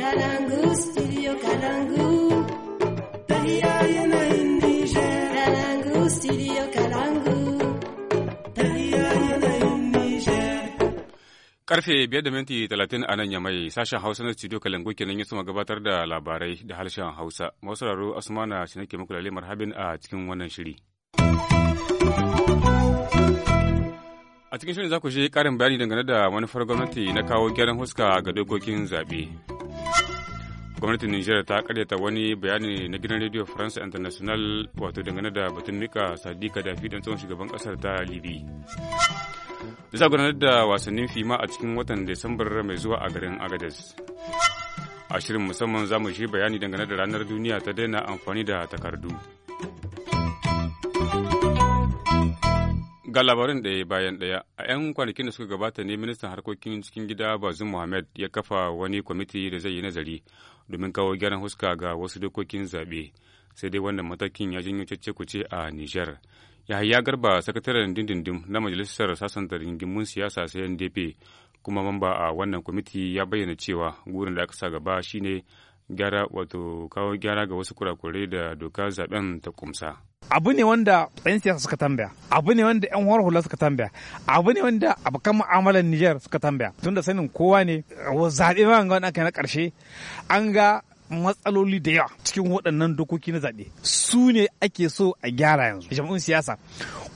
Kalangu, studio Kalangu. Kalangu, studio Kalangu. Karfe biyar da minti talatin a nan ya mai sashen Hausa na studio Kalangu kenan ya suma gabatar da labarai da harshen Hausa. Masu raro Asmana shi nake muku lalle marhabin a cikin wannan shiri. A cikin shirin za ku shi ƙarin bayani dangane da manufar gwamnati na kawo gyaran huska ga dokokin zaɓe. gwamnatin nijar ta karyata wani bayani na gidan radio france international wato dangane da batun mika sadika da fidan tsohon shugaban kasar ta libi za gudanar da wasannin fima a cikin watan desambar mai zuwa a garin agadez a shirin musamman za mu shi bayani dangane da ranar duniya ta daina amfani da takardu Ga labarin ɗaya bayan ɗaya, a 'yan kwanakin da suka gabata ne ministan harkokin cikin gida bazin Mohammed ya kafa wani kwamiti da zai yi nazari domin kawo gyaran huska ga wasu dokokin zaɓe. Sai dai wannan matakin ya janyo cece-kuce a Nijar. Yahaya Garba, sakataren dindindim na Majalisar Sasanta Ringimun Siyasa sai NDP, kuma mamba a wannan kwamiti ya bayyana cewa gurin da aka sa gaba shine gyara wato kawo gyara ga wasu kurakurai da doka zaben ta kumsa. abu ne wanda 'yan siyasa suka tambaya abu ne wanda 'yan hular hula suka tambaya abu ne wanda abokan mu'amalar Nijar suka tambaya Tun da sanin kowa ne zaɓe ma ga wani na ƙarshe an ga matsaloli da yawa cikin waɗannan dokoki na zaɓe su ne ake so a gyara yanzu jam'un siyasa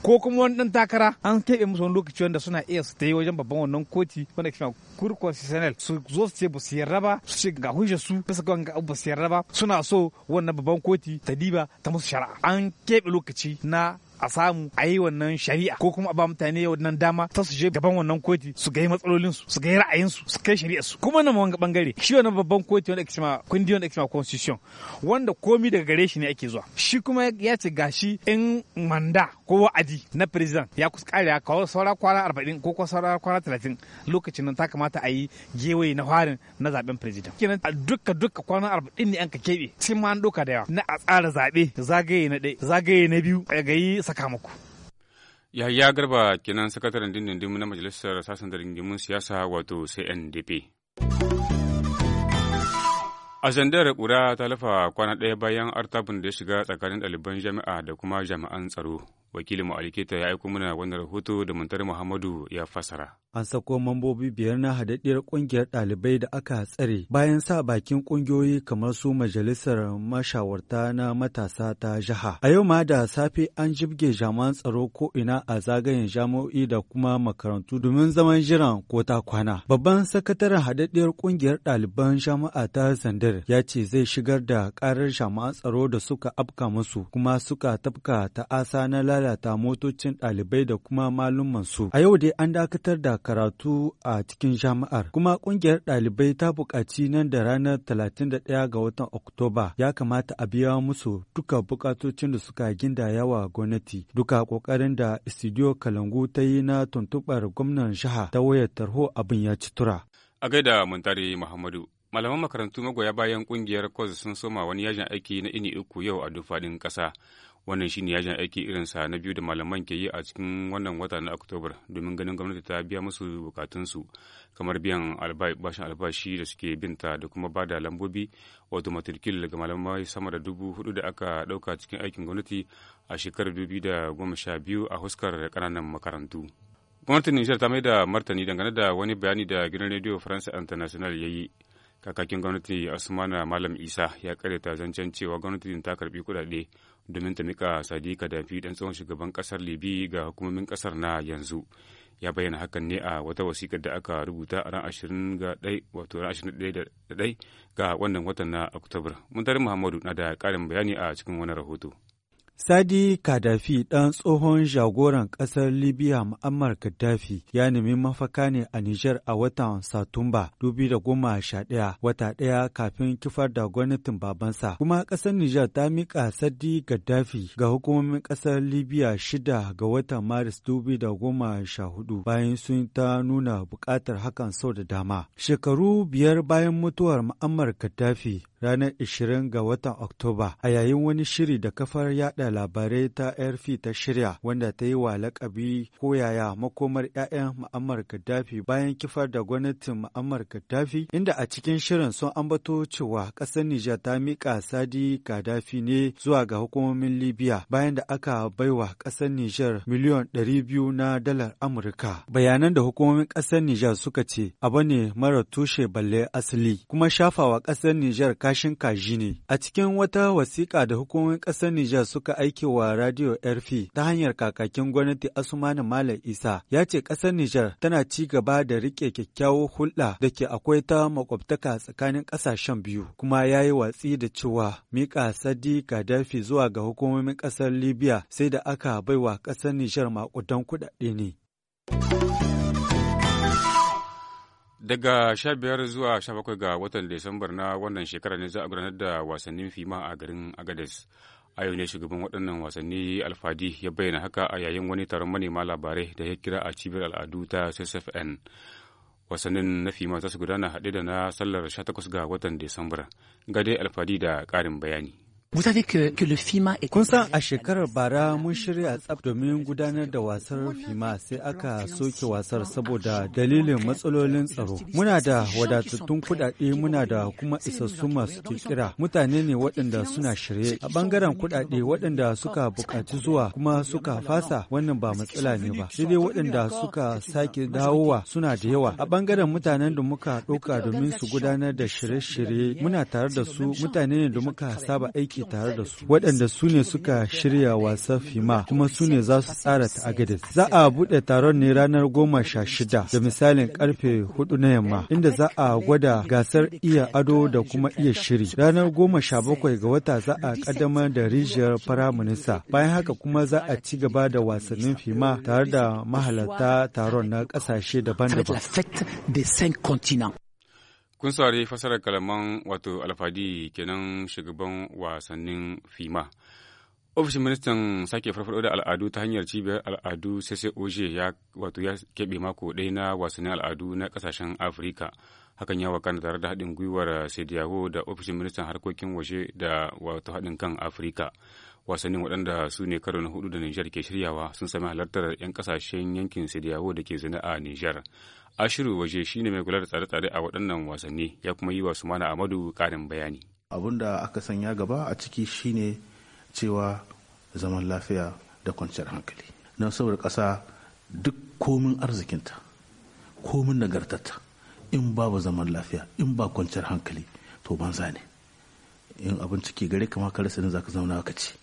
ko kuma wani dan takara an keɓe musu wani lokaci wanda suna iya su ta yi wajen babban wannan koti wanda ke kur constitutionnel su zo su ce ba su yarda ba su ce ga hujjar su bisa ga wanga ba su yarda ba suna so wannan babban koti ta diba ta musu shari'a an keɓe lokaci na a samu a yi wannan shari'a ko kuma a ba mutane wannan dama ta su je gaban wannan koti su ga matsalolin su su ga ra'ayin su su kai shari'a su kuma nan wanga bangare shi wannan babban koti wanda ake cewa kundi wanda ake cewa constitution wanda komi daga gare shi ne ake zuwa shi kuma ya ce gashi in manda ko wa'adi na president ya kusa kare ya kawo saura kwana 40 ko kuma saura kwana 30 lokacin nan ta kamata a yi gewaye na farin na zaben president kenan duka duka kwana 40 ne an ka kebe sai ma an doka da yawa na a tsara zabe zagaye na ɗaya zagaye na biyu yi saka muku. ya Garba kenan sakataren dindindin na Majalisar Sassan Rigimun Siyasa wato CNDP. A zandar ƙura ta lafa kwana ɗaya bayan artabin da ya shiga tsakanin ɗaliban jami'a da kuma jami'an tsaro. wakilin alikita ya aiko mana wannan rahoto da muntar muhammadu ya fasara an sako mambobi biyar na hadaddiyar ƙungiyar ɗalibai da aka tsare bayan sa bakin ƙungiyoyi kamar su majalisar mashawarta na matasa ta jiha a yau ma da safe an jibge jaman tsaro ko ina a zagayen jami'o'i da kuma makarantu domin zaman jiran ko ta kwana babban sakataren hadaddiyar ƙungiyar ɗaliban jama'a ta zandar ya ce zai shigar da karar jami'an tsaro da suka afka musu kuma suka tafka ta Asa na lalata lalata motocin ɗalibai da kuma malumman su. A yau dai an dakatar da karatu a cikin jami'ar, kuma ƙungiyar ɗalibai ta buƙaci nan da ranar 31 ga watan Oktoba ya kamata a biya musu duka buƙatocin da suka ginda yawa gwamnati. Duka ƙoƙarin da Studio Kalangu ta yi na tuntuɓar gwamnan jiha ta wayar tarho abin ya ci tura. A gaida Muntari Muhammadu, malaman makarantu magoya bayan ƙungiyar kwas sun soma wani yajin aiki na ini uku yau a duk faɗin ƙasa wannan shine yajin aiki irin sa na biyu da malaman ke yi a cikin wannan wata na oktobar domin ganin gwamnati ta biya musu bukatunsu kamar biyan bashin albashi da suke binta da kuma ba da lambobi wato matrikil ga malamai sama da dubu hudu da aka dauka cikin aikin gwamnati a shekarar dubu da goma sha biyu a huskar kananan makarantu gwamnatin nijar ta mai da martani dangane da wani bayani da gidan rediyo faransa international ya yi kakakin gwamnati asmana malam isa ya karyata zancen cewa gwamnatin ta karbi kudade domin ta mika sadi kadafi dan tsohon shugaban kasar libi ga hukumomin kasar na yanzu ya bayyana hakan ne a wata wasikar da aka rubuta a ran 21 wato ran ga wannan watan na oktobar muntarin muhammadu na da ƙarin bayani a cikin wani rahoto Sadi Kadafi ɗan tsohon jagoran ƙasar Libya Muammar Gaddafi ya nemi mafaka ne a Nijar a watan Satumba 2011 wata ɗaya kafin kifar da gwamnatin babansa. Kuma ƙasar Nijar ta miƙa Sadi Gaddafi ga hukumomin ƙasar Libya shida ga watan Maris 2014 bayan sun ta nuna buƙatar hakan sau da dama. Shekaru biyar bayan mutuwar Muammar Gaddafi ranar 20 ga watan Oktoba a yayin wani shiri da kafar yada yada labarai ta yarfi ta shirya wanda ta yi wa lakabi koyaya makomar 'ya'yan Muammar Gaddafi bayan kifar da gwamnatin Muammar Gaddafi inda a cikin shirin sun ambato cewa ƙasar Nijar ta mika Sadi Gaddafi ne zuwa ga hukumomin Libya bayan da aka baiwa ƙasar Nijar miliyon biyu na dalar Amurka. Bayanan da hukumomin ƙasar Nijar suka ce abu ne mara tushe balle asali kuma shafawa ƙasar Nijar kashin kaji ne. A cikin wata wasiƙa da hukumomin ƙasar Nijar suka aka wa Radio rf ta hanyar kakakin gwamnati Asumani Malam Isa ya ce ƙasar Nijar tana ci gaba da rike kyakkyawo hulɗa da ke akwai ta makwabtaka tsakanin ƙasashen biyu kuma ya yi watsi da cewa miƙa Sadi Gaddafi zuwa ga hukumomin ƙasar Libya sai da aka baiwa ƙasar Nijar maƙudan kuɗaɗe ne. Daga 15 zuwa 17 ga watan Desambar na wannan shekarar ne za a gudanar da wasannin fima a garin Agadez. a yau ne shugaban waɗannan wasanni alfadi ya bayyana haka a yayin wani taron manema labarai da ya kira a cibiyar al'adu ta ssfn wasannin na fima za su gudana haɗe da na sallar 18 ga watan disambar Gade alfadi da ƙarin bayani. Kun san a shekarar bara mun shirya tsaf domin gudanar da wasar fima sai aka soke wasar saboda dalilin matsalolin tsaro. Muna da wadatattun kuɗaɗe muna da kuma isassu masu kirkira. Mutane ne waɗanda suna shirye. A ɓangaren kuɗaɗe waɗanda suka buƙaci zuwa kuma suka fasa wannan ba matsala ne ba. Sai dai waɗanda suka sake dawowa suna da yawa. A bangaren mutanen da muka ɗauka domin su gudanar da shirye-shirye muna tare da su mutane ne da muka saba aiki aiki tare da su waɗanda su ne suka shirya wasan fima kuma su ne za su tsara ta za a buɗe taron ne ranar goma sha shida da misalin karfe hudu na yamma inda za a gwada gasar iya ado da kuma iya shiri ranar goma sha bakwai ga wata za a ƙaddamar da rijiyar firaminista bayan haka kuma za a ci gaba da wasannin fima tare da mahalarta taron na ƙasashe daban-daban Kun saurari fasarar kalaman wato alfadi kenan shugaban wasannin fima. Ofishin ministan sake farfado da al'adu ta hanyar cibiyar al'adu CCOJ ya wato ya keɓe mako ɗaya na wasannin al'adu na kasashen Afirka. Hakan ya wakana tare da haɗin gwiwar Sediyawo da ofishin ministan harkokin waje da wato haɗin kan Afirka. wasannin waɗanda su ne karo na hudu da Nijar ke shiryawa sun sami halartar 'yan kasashen yankin Sidiyawo da ke zina a Nijar. Ashiru waje shine mai kula da tsare-tsare a waɗannan wasanni ya kuma yi wa Sumana Amadu ƙarin bayani. Abin da aka sanya gaba a ciki shine cewa zaman lafiya da kwanciyar hankali. Na saboda ƙasa duk komin arzikinta, komin nagartarta, in ba ba zaman lafiya, in ba kwanciyar hankali, to banza ne. In abin ciki gare kama ka rasa za ka zauna ka ce.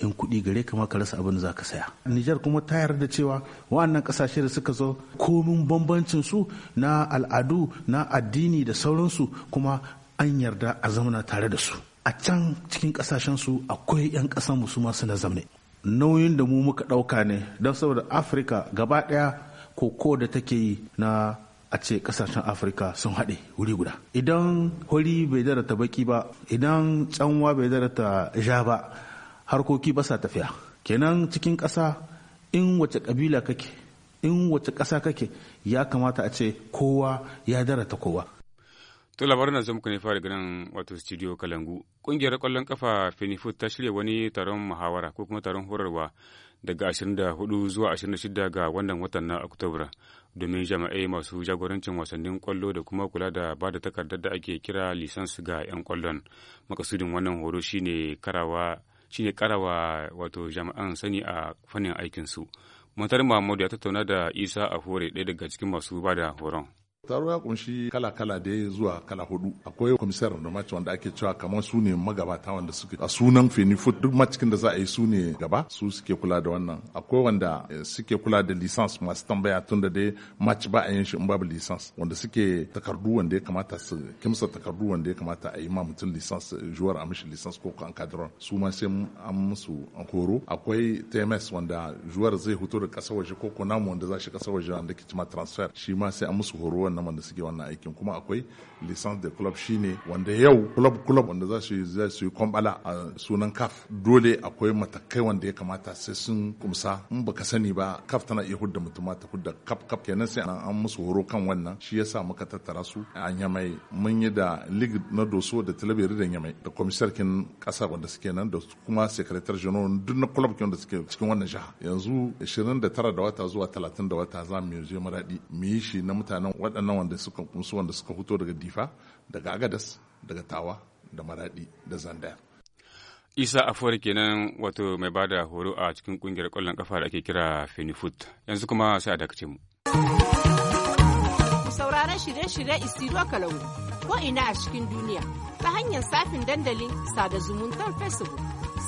'yan kuɗi gare ka ka rasa abin da za ka saya. Nijar kuma ta yarda cewa wa'annan ƙasashe da suka zo komin bambancin su na al'adu na addini da sauransu kuma an yarda a zamana tare da su. A can cikin ƙasashen su akwai 'yan ƙasa musu masu na zamne. Nauyin da mu muka ɗauka ne don saboda Afirka gaba ɗaya koko da take yi na a ce kasashen afirka sun haɗe wuri guda idan hori bai darata baki ba idan tsanwa bai ta ja ba harkoki ba sa tafiya kenan cikin ƙasa in wace ƙabila kake in wace ƙasa kake ya kamata a ce kowa ya darata kowa to labarin da muku ne fara ganin wato studio kalangu kungiyar kwallon kafa fenifut ta shirya wani taron muhawara ko kuma taron horarwa daga 24 zuwa 26 ga wannan watan na oktobra domin jama'ai masu jagorancin wasannin kwallo da kuma kula da ba da takardar da ake kira lisans ga 'yan kwallon. Makasudin wannan horo shine karawa shine wa wato jami'an sani a fannin aikinsu. matar Muhammadu ya tattauna da Isa a hore ɗaya daga cikin masu bada horon. taro ya kunshi kala-kala da ya zuwa kala hudu akwai komisar da mace wanda ake cewa kamar su ne magabata wanda suke a sunan fenifut duk macikin da za a yi su ne gaba su suke kula da wannan akwai wanda eh, suke kula da lisans masu tambaya tun da dai maci ba a yin shi in babu lisans wanda suke takardu wanda ya kamata su kimsa takardu wanda ya kamata a yi ma mutum lisans eh, juwar a mishi lisans ko kan kadron su ma sai an musu horo akwai tms wanda juwar zai hutu da kasa waje ko ko namu wanda za shi kasa waje wanda ke cima transfer shi ma sai an musu horo wannan wanda suke wannan aikin kuma akwai license de club shine wanda yau club club wanda za su za su yi kwambala a sunan kaf. dole akwai matakai wanda ya kamata sai sun kumsa in baka sani ba kaf tana iya hudda mutum ta hudda kaf. kaf kenan sai an musu horo kan wannan shi yasa muka tattara su an yamai mun yi da league na doso da talabiri da yamai da komisar kin kasa wanda suke nan da kuma sekretar general duk na club kin da suke cikin wannan jaha yanzu 29 da wata zuwa 30 da wata za mu je maradi mu yi shi na mutanen waɗannan wanda suka kunsu wanda suka fito daga difa daga agadas daga tawa da maradi da zandaya isa afuwar kenan wato mai bada horo a cikin kungiyar kwallon kafa da ake kira fenifut yanzu kuma sai a dakace mu sauraron shirye-shirye isiro kalangu ko ina a cikin duniya ta hanyar safin dandalin sada zumuntar facebook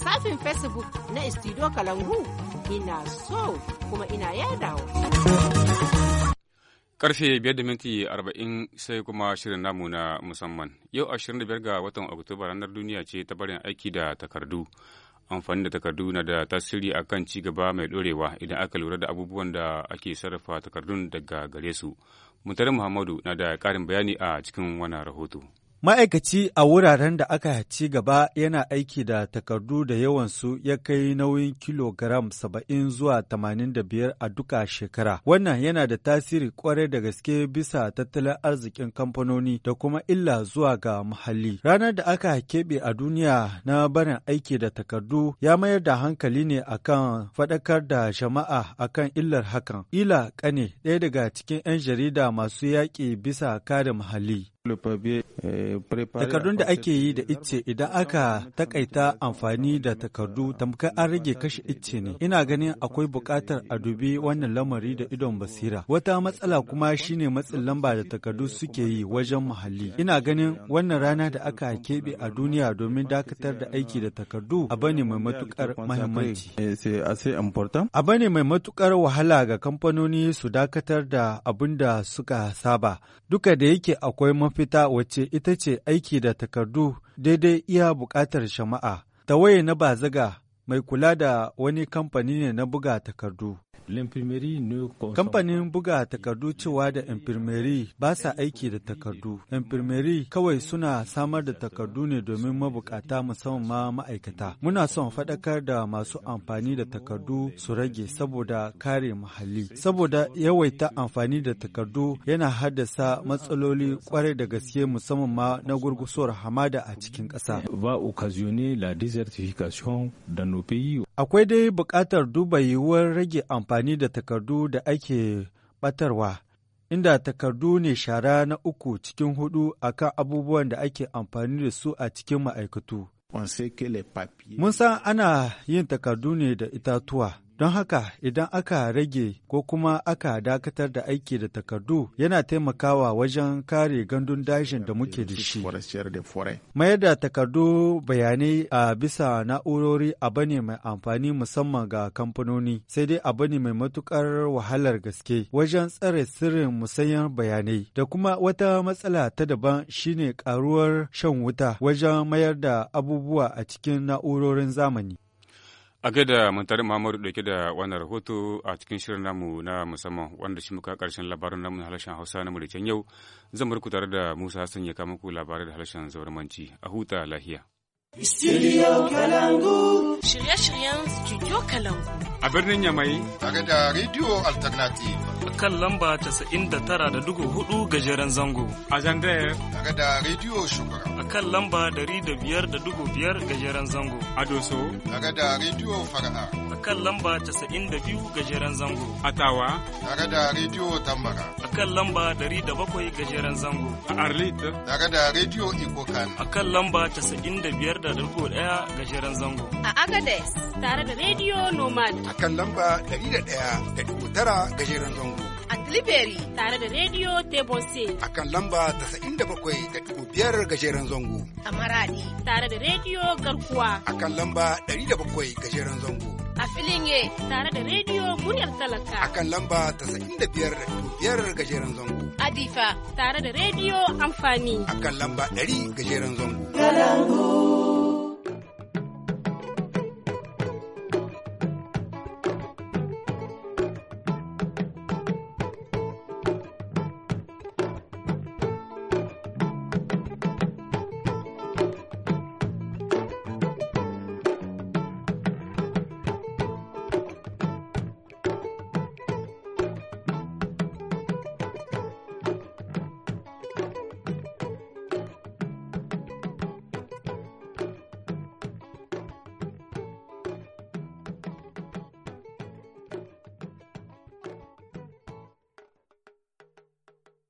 safin facebook na isiro kalangu ina so kuma ina yadawa Karfe biyar da minti arba'in sai kuma shirin namu na musamman. Yau ashirin da biyar ga watan Oktoba ranar duniya ce ta barin aiki da takardu. Amfani da takardu na da tasiri a kan ci mai ɗorewa idan aka lura da abubuwan da ake sarrafa takardun daga gare su. Muntari Muhammadu na da ƙarin bayani a cikin wannan rahoto. Ma'aikaci a wuraren da aka ci gaba yana aiki da takardu da yawansu ya kai nauyin kilogram 70 zuwa 85 a duka shekara. Wannan yana da tasiri kwarai da gaske bisa tattalin arzikin kamfanoni da kuma illa zuwa ga muhalli. Ranar da aka keɓe a duniya na barin aiki da takardu ya mayar da hankali ne akan faɗakar da jama'a akan illar hakan. Ila Kane ɗaya daga cikin 'yan jarida masu yaƙi bisa kare muhalli. Eh, Takardun da ake yi da icce idan aka takaita amfani da takardu tamkar an rage kashe icce ne. Ina ganin akwai buƙatar a dubi wannan lamari da idon basira. Wata matsala kuma shine matsin lamba da takardu suke yi wajen muhalli. Ina ganin wannan rana da aka keɓe a duniya domin dakatar da aiki da takardu abu ne mai matuƙar mahimmanci. Eh, abu ne mai matuƙar wahala ga kamfanoni su dakatar da abin da suka saba. Duka da yake akwai mafita wacce ita ce aiki da takardu daidai iya buƙatar shama'a. Tawaye na bazaga mai kula da wani kamfani ne na buga takardu. Kamfanin buga takardu cewa da infirmeri ba sa aiki da takardu. Infirmeri kawai suna samar da takardu ne domin mabukata musamman ma ma'aikata. Muna son faɗakar da masu amfani da takardu su rage saboda kare muhalli. Saboda yawaita amfani da takardu yana haddasa matsaloli kwarai da gaske musamman ma na gurgusuwar hamada a cikin ƙasa. Va occasionner la désertification dans nos Akwai dai buƙatar duba yiwuwar rage amfani da takardu da ake ɓatarwa, inda takardu ne shara na uku cikin hudu akan abubuwan da ake amfani da su a cikin ma'aikatu. Mun san ana yin takardu ne da itatuwa, Don haka idan aka rage ko kuma aka dakatar da aiki da takardu yana taimakawa wajen kare gandun dajin da muke da shi. Mayar da takardu bayanai a bisa na'urori abu ne mai amfani musamman ga kamfanoni sai dai abu ne mai matukar wahalar gaske wajen tsare sirrin musayar bayanai da kuma wata matsala ta daban shine karuwar shan wuta wajen mayar da abubuwa a cikin na'urorin zamani. a gaida mantarin muhammadu dauke da wannan rahoto a cikin shirin namu na musamman wanda shi muka karshen labarin namu na halashen hausa na mulkin yau zan barku tare da musa hassan ya kama ku labarai da halashen zauramanci a huta lahiya Studio Kalangu. Shirye-shiryen Studio Kalangu. A birnin Yamai. Tare da Radio Alternative. kan lamba 99.4 gajeren zango. A Zandayar. Daga da rediyo Shugaba. A kan lamba 105.5 gajeren zango. A Doso. Daga da rediyo Fara'a. A kan lamba 92 gajeren zango. A Tawa. Daga da rediyo Tambara. A kan lamba 107 gajeren zango. A Arlit. Daga da rediyo Ikokan. A kan lamba 95.1 gajeren zango. A Agades. Tare da rediyo Nomad. A kan lamba 101.9 gajeren zango. and tare da Radio Tebose a kan lamba biyar gajeren zango. A Maradi tare da Radio Garkuwa a kan lamba 107 gajeren zango. A Filinge tare da Radio Muryar Talaka a kan lamba biyar gajeren zango. A Difa tare da Radio Amfani a kan lamba 100 gajeren zango. Kalangu.